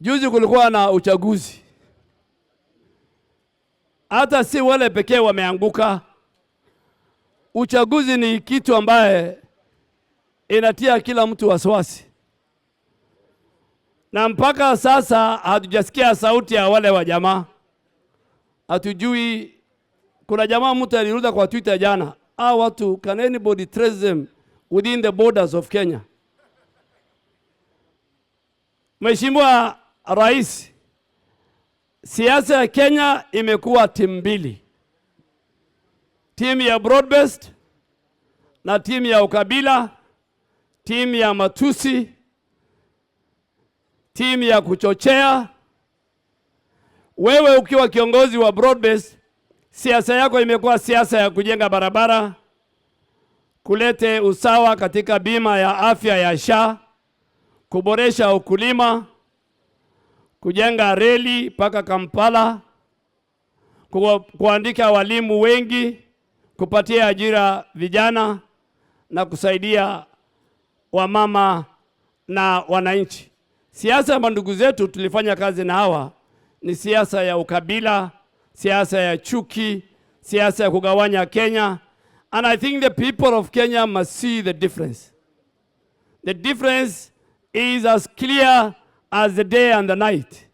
Juzi kulikuwa na uchaguzi, hata si wale pekee wameanguka. Uchaguzi ni kitu ambaye inatia kila mtu wasiwasi, na mpaka sasa hatujasikia sauti ya wale wa jamaa, hatujui. Kuna jamaa mtu aliruda kwa Twitter jana, ah, watu can anybody trace them within the borders of Kenya? Mheshimiwa rais, siasa ya Kenya imekuwa timu mbili, timu ya broad-based na timu ya ukabila, timu ya matusi, timu ya kuchochea. Wewe ukiwa kiongozi wa broad-based, siasa yako imekuwa siasa ya kujenga barabara, kulete usawa katika bima ya afya ya SHA, kuboresha ukulima kujenga reli mpaka Kampala, kuandika walimu wengi, kupatia ajira vijana na kusaidia wamama na wananchi. Siasa ya mandugu zetu tulifanya kazi na hawa ni siasa ya ukabila, siasa ya chuki, siasa ya kugawanya Kenya. And I think the people of Kenya must see the difference. The difference is as clear as the day and the night.